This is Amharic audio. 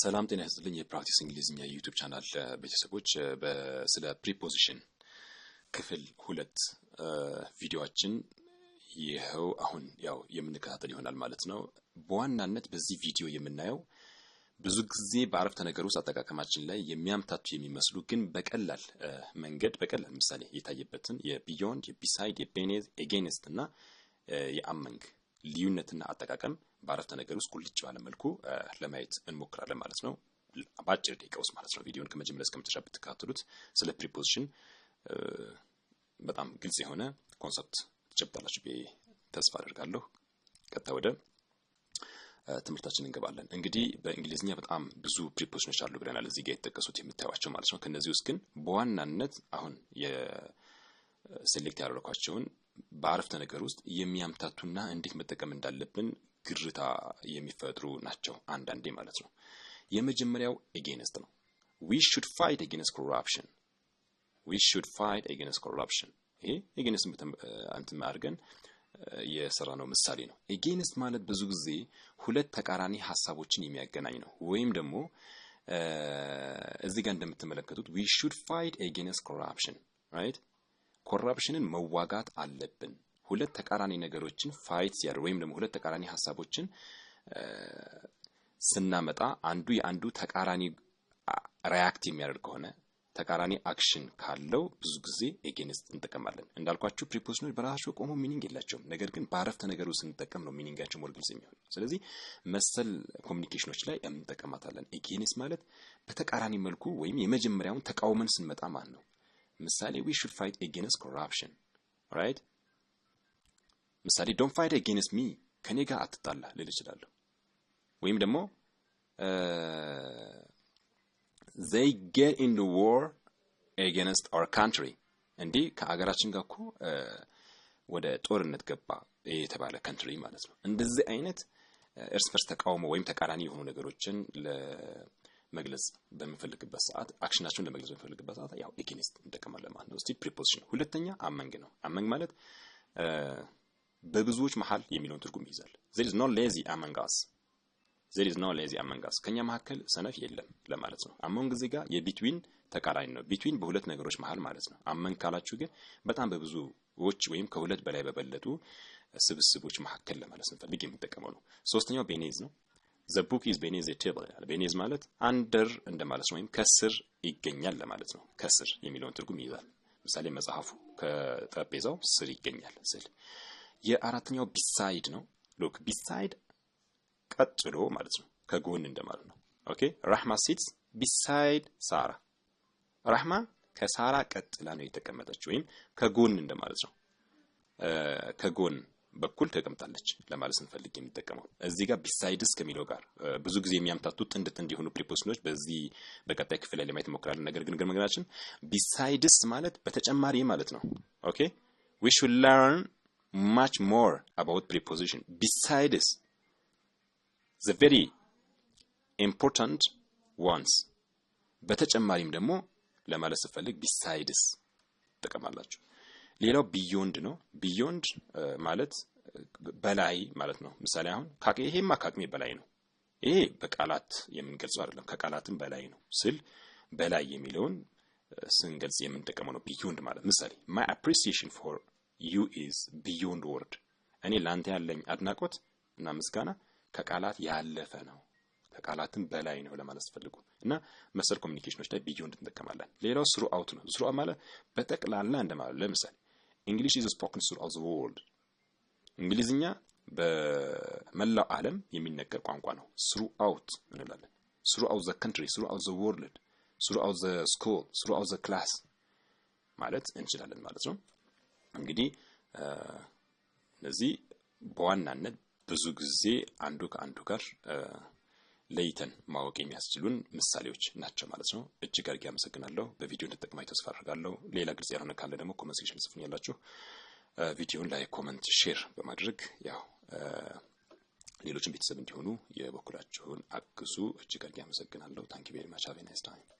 ሰላም ጤና ይስጥልኝ። የፕራክቲስ እንግሊዝኛ የዩቲዩብ ቻናል ቤተሰቦች ስለ ፕሪፖዚሽን ክፍል ሁለት ቪዲዮችን ይኸው አሁን ያው የምንከታተል ይሆናል ማለት ነው። በዋናነት በዚህ ቪዲዮ የምናየው ብዙ ጊዜ በአረፍተ ነገር ውስጥ አጠቃቀማችን ላይ የሚያምታቱ የሚመስሉ ግን በቀላል መንገድ በቀላል ምሳሌ የታየበትን የቢዮንድ፣ የቢሳይድ፣ የቤኔዝ፣ ኤጌንስት እና የአመንግ ልዩነትና አጠቃቀም በአረፍተ ነገር ውስጥ ቁልጭ ባለ መልኩ ለማየት እንሞክራለን ማለት ነው። በአጭር ደቂቃ ውስጥ ማለት ነው። ቪዲዮን ከመጀመሪያ እስከ መጨረሻ ብትከታተሉት ስለ ፕሪፖዚሽን በጣም ግልጽ የሆነ ኮንሰፕት ትጨብጣላችሁ ብዬ ተስፋ አደርጋለሁ። ቀጥታ ወደ ትምህርታችን እንገባለን። እንግዲህ በእንግሊዝኛ በጣም ብዙ ፕሪፖዚሽኖች አሉ ብለናል፣ እዚህ ጋር የተጠቀሱት የምታዩቸው ማለት ነው። ከነዚህ ውስጥ ግን በዋናነት አሁን የሴሌክት ያደረኳቸውን በአረፍተ ነገር ውስጥ የሚያምታቱና እንዴት መጠቀም እንዳለብን ግርታ የሚፈጥሩ ናቸው አንዳንዴ ማለት ነው። የመጀመሪያው ኤጌንስት ነው። ዊ ሹድ ፋይት ኤጌንስት ኮራፕሽን ዊ ሹድ ፋይት ኤጌንስት ኮራፕሽን። ይሄ ኤጌንስት እንትን አድርገን የሰራ ነው ምሳሌ ነው። ኤጌንስት ማለት ብዙ ጊዜ ሁለት ተቃራኒ ሀሳቦችን የሚያገናኝ ነው። ወይም ደግሞ እዚህ ጋር እንደምትመለከቱት ዊ ሹድ ፋይት ኤጌንስት ኮራፕሽን ራይት ኮራፕሽንን መዋጋት አለብን ሁለት ተቃራኒ ነገሮችን ፋይት ሲያደርግ ወይም ደግሞ ሁለት ተቃራኒ ሀሳቦችን ስናመጣ አንዱ የአንዱ ተቃራኒ ሪያክት የሚያደርግ ከሆነ ተቃራኒ አክሽን ካለው ብዙ ጊዜ ኤጌንስት እንጠቀማለን። እንዳልኳችሁ ፕሪፖዚሽኖች በራሳቸው ቆሞ ሚኒንግ የላቸውም። ነገር ግን በአረፍተ ነገሩ ውስጥ ስንጠቀም ነው ሚኒንጋቸው ሞር ግልጽ የሚሆን። ስለዚህ መሰል ኮሚኒኬሽኖች ላይ እንጠቀማታለን። ኤጌንስት ማለት በተቃራኒ መልኩ ወይም የመጀመሪያውን ተቃውመን ስንመጣ ማለት ነው። ምሳሌ ዊ ሹድ ፋይት ኤጌንስት ኮራፕሽን ራይት ምሳሌ ዶን ፋይት አጌንስት ሚ ከኔ ጋር አትጣላ ልል እችላለሁ። ወይም ደግሞ ዘይ ጌት ኢን ዋር አጌንስት አወር ካንትሪ እንዲህ ከአገራችን ጋር እኮ ወደ ጦርነት ገባ የተባለ ካንትሪ ማለት ነው። እንደዚህ አይነት እርስ በርስ ተቃውሞ ወይም ተቃራኒ የሆኑ ነገሮችን ለመግለጽ በምንፈልግበት ሰዓት አክሽናቸውን ለመግለጽ በምንፈልግበት ሰዓት ያው ኤጌኒስት እንጠቀማለን ማለት ነው። እስቲ ፕሪፖዚሽን ሁለተኛ አመንግ ነው። አመንግ ማለት በብዙዎች መሀል የሚለውን ትርጉም ይይዛል። there ኢዝ ኖ ሌዚ among አስ there ኢዝ ኖ ሌዚ among አስ ከኛ መካከል ሰነፍ የለም ለማለት ነው። among እዚህ ጋር የቢትዊን ተቃራኒ ነው። ቢትዊን በሁለት ነገሮች መሀል ማለት ነው። among ካላችሁ ግን በጣም በብዙዎች ወይም ከሁለት በላይ በበለጡ ስብስቦች መካከል ለማለት ነው ፈልግ የምጠቀመው ነው። ሶስተኛው ቤኔዝ ነው። ዘ ቡክ ኢዝ ቤኔዝ the table ይላል። ቤኔዝ ማለት አንደር እንደማለት ነው፣ ወይም ከስር ይገኛል ለማለት ነው። ከስር የሚለውን ትርጉም ይይዛል። ምሳሌ መጽሐፉ ከጠረጴዛው ስር ይገኛል ስል የአራተኛው ቢሳይድ ነው። ሉክ ቢሳይድ ቀጥሎ ማለት ነው፣ ከጎን እንደማለት ነው። ኦኬ ራህማ ሲትስ ቢሳይድ ሳራ። ራህማ ከሳራ ቀጥላ ነው የተቀመጠች ወይም ከጎን እንደማለት ነው። ከጎን በኩል ተቀምጣለች ለማለት ስንፈልግ የሚጠቀመው እዚህ ጋር ቢሳይድስ ከሚለው ጋር ብዙ ጊዜ የሚያምታቱ ጥንድ ጥንድ የሆኑ ፕሪፖዚሽኖች በዚህ በቀጣይ ክፍል ላይ ለማየት ሞክራለን። ነገር ግን ግርመግናችን ቢሳይድስ ማለት በተጨማሪ ማለት ነው። ኦኬ ዊ ሹድ ለርን much more about preposition. Besides the very important ones በተጨማሪም ደግሞ ለማለት ስፈልግ ቢሳይድስ ትጠቀማላችሁ። ሌላው ቢዮንድ ነው። ቢዮንድ ማለት በላይ ማለት ነው። ምሳሌ አሁን ይሄማ ከአቅሜ በላይ ነው፣ ይሄ በቃላት የምንገልጸው አይደለም፣ ከቃላትም በላይ ነው ስል በላይ የሚለውን ስንገልጽ የምንጠቀመው ነው ቢዮንድ ማለት ምሳሌ ማይ አፕሪሲዬሽን ፎር ዩ ኢዝ ቢዮንድ ወርድ። እኔ ላንተ ያለኝ አድናቆት እና ምስጋና ከቃላት ያለፈ ነው፣ ከቃላትም በላይ ነው ለማለት ፈልጉ እና መሰል ኮሚኒኬሽኖች ላይ ቢዮንድ እንጠቀማለን። ሌላው ስሩ አውት ነው። ስሩ ማለት በጠቅላላ እንደማለት። ለምሳሌ እንግሊሽ ኢዝ ስፖክን ስሩ አውት ዘ ወርልድ፣ እንግሊዝኛ በመላው ዓለም የሚነገር ቋንቋ ነው። ስሩ አውት እንላለን። ስሩ አውት ዘ ካንትሪ፣ ስሩ አውት ዘ ወርልድ፣ ስሩ አውት ዘ ስኩል፣ ስሩ አውት ዘ ክላስ ማለት እንችላለን ማለት ነው። እንግዲህ እነዚህ በዋናነት ብዙ ጊዜ አንዱ ከአንዱ ጋር ለይተን ማወቅ የሚያስችሉን ምሳሌዎች ናቸው ማለት ነው። እጅግ አድርጌ አመሰግናለሁ። በቪዲዮ እንድጠቅማኝ ተስፋ አድርጋለሁ። ሌላ ግልጽ ያልሆነ ካለ ደግሞ ኮመንት ሴክሽን ያላችሁ ቪዲዮን ላይ ኮመንት፣ ሼር በማድረግ ያው ሌሎችን ቤተሰብ እንዲሆኑ የበኩላችሁን አግዙ። እጅግ አድርጌ አመሰግናለሁ። ታንኪ ቤሪ ማቻቤና ሃቭ